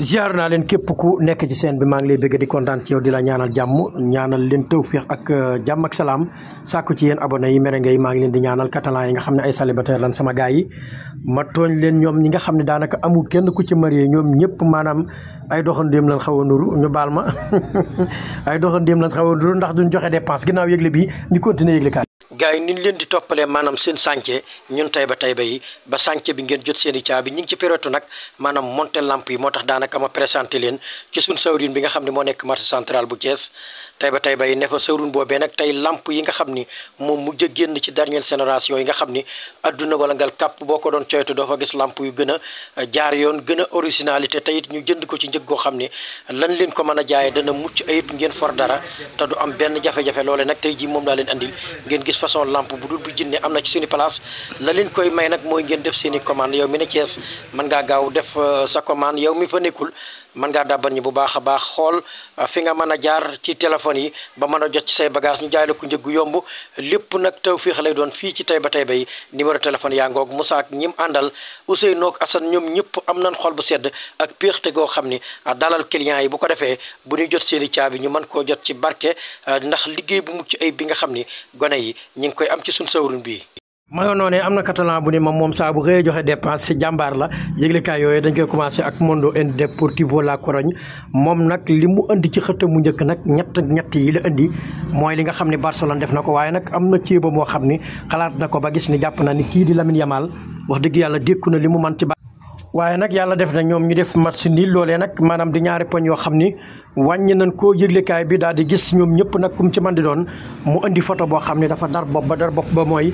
ziar naa leen képp ku nekk ci seen bi maa ngi lay bëgg di kontaan ci yow di la ñaanal jàmm ñaanal leen tawfiix ak euh, jàmm ak salaam sàkku ci yéen abonné yi merengue yi maa ngi leen di ñaanal catalan yi nga xam ne ay célibataire lan sama gars yi ma tooñ leen ñoom ñi nga xam ne daanaka amul kenn ku ci marié ñoom ñëpp maanaam ay doxandéem lan xaw a nuru ñu baal ma ay doxandéem lan xaw a nuru ndax duñ joxe dépense ginnaaw yëgle bi ñu continuer yëgle kaay gars yi ni ñu leen di toppalee maanaam seen chantier ñun Taïba Taïba yi ba chantier bi ngeen jot seen i caabi ñu ngi ci période nag maanaam monté lamp yi moo tax daanaka ma présenté leen ci suñ sawrine bi nga xam ne moo nekk marché central bu Thiès Taïba Taïba yi ne fa sawrine boobee nag tey lamp yi nga xam ni moom mujj a génn ci dernière génération yi nga xam ni adduna wala ngal kàpp boo ko doon coytu doo fa gis lamp yu gën jaar yoon gën a originalité tey it ñu jënd ko ci njëg goo xam ni lan leen ko mën a jaayee dana mucc ayib ngeen for dara te du am benn jafe-jafe nag tey ji moom laa leen andil façon lamp bu dul bu jinne am na ci suñu place la leen koy may nag mooy ngeen def seen commande yow mi ne Thiès mën ngaa gaaw def euh, sa commande yow mi fa nekkul mën ngaa dàbban ñi bu baax a baax xool ah, fi nga mën a jaar ci téléphone yi ba mën a jot ci say bagage ñu jaay ko njëggu yomb lépp nag tawféex lay doon fii ci Taïba Taïba yi numéro téléphone yaa ngoog Moussa ak ñim àndal Ousseynou ak Assane ñoom ñëpp am nañ xol bu sedd ak péexte goo xam ni ah, dalal client yi bu ko defee bu ñuy jot seen i caabi ñu mën koo jot ci barke ah, ndax liggéey bu mucc ay bi nga xam ni gone yi ñu ngi koy am ci suñ sawrun bii mayoo noonee am na catalan bu ni ma moom saa bu xëyee joxe dépense si jàmbaar la yëglekaay yooyu dañ koy commencé ak Mundo Deportivo La Corogne moom nag li mu indi ci xëttam mu njëkk nag ñett ñett yi la indi mooy li nga xam ne Barcelone def na ko waaye nag am na ceeba moo xam ni xalaat na ko ba gis ni jàpp na ni kii di Lamine Yamal wax dëgg yàlla dékku na li mu man ci ba waaye nag yàlla def na ñoom ñu def match nii loolee nag maanaam di ñaari poñ yoo xam ni wàññi nañ koo yëglekaay bi daal di gis ñoom ñëpp nag kum ci man di doon mu indi photo boo xam ne dafa dar bopp ba dar bopp ba mooy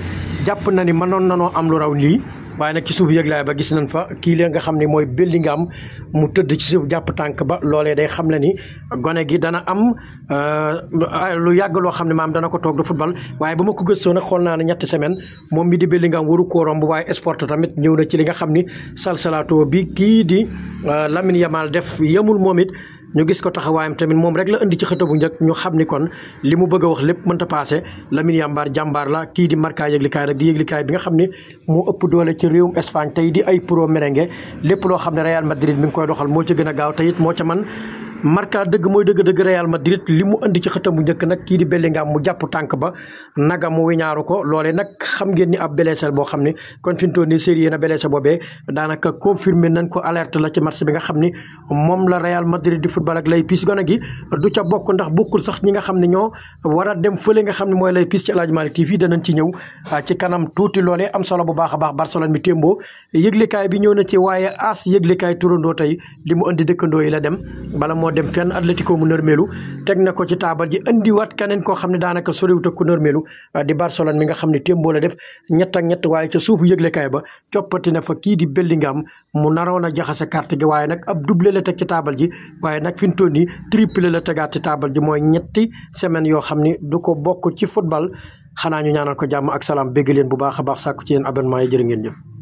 jàpp na ni mënoon nanoo am lu raw lii waaye nag ci suuf yëglaay ba gis nañ fa kii lee nga xam ne mooy Bellingham mu tëdd ci suuf jàpp tànk ba loolee day xam le ni gone gi dana am euh, lu yàgg loo xam ne maam dana ko toog du football waaye ba ma ko gëstoo nag xool naa ne ñetti semaine moom mi di Bellingham waru koo romb waaye sport tamit ñëw na ci li nga xam ni salsalato bi kii di euh, Lamine Yamal def yemul moom it ñu gis ko taxawaayam tamit moom rek la indi ci xëta bu njëkk ñu xam ni kon li mu bëgg wax lépp mënta paase Lamine Yambaar jàmbaar la kii di marka yëglikaay rek bi nga xam ni moo ëpp doole ci ci réewum Espagne tey ay pro merengue lépp loo xam ne Real Madrid mi ngi koy doxal moo ci gën gaaw te it moo ca Marca dëgg mooy dëgg-dëgg Real Madrid li mu indi ci xëtam bu njëkk nag kii di Bellingham mu jàpp tànk ba naga mu wiñaaru ko loolee nag xam ngeen ni ab blessé boo xam ne kon fi mu toll nii série na blessé boobee daanaka confirmé nañ ko alerte la ci match bi nga xam ni moom la Real Madrid di football ak Leipzig gone gi du ca bokk ndax bokkul sax ñi nga xam ne ñoo war a dem fële nga xam ne mooy Leipzig ci El Hadji Malick TV danañ ci ñëw ah, ci kanam tuuti loolee am solo bu baax a baax Barcelone mi témboo yëglikaay bi ñëw na ci waaye as yëglikaay turandoo tey li mu indi dëkkandoo yi la dem moo dem fenn Atlético mu nërmeelu teg na ko ci taabal ji indiwaat keneen koo xam ne daanaka soriwut ak ku nërmeelu uh, di Barcelone mi nga xam ne témboo la def ñett ñett waaye ca suufu yëglekaay ba coppati na fa kii di Bellingham mu naroon a jaxase carte gi waaye nag ab doublé la teg ci taabal ji waaye nag fi mu toll nii triplé la tegaat ci taabal ji mooy ñetti semaine yoo xam ne du ko bokk ci football xanaa ñu ñaanal ko jàmm ak salaam bégg leen bu baax a baax sàkku ci yéen abonnement yi jërë ngeen jëf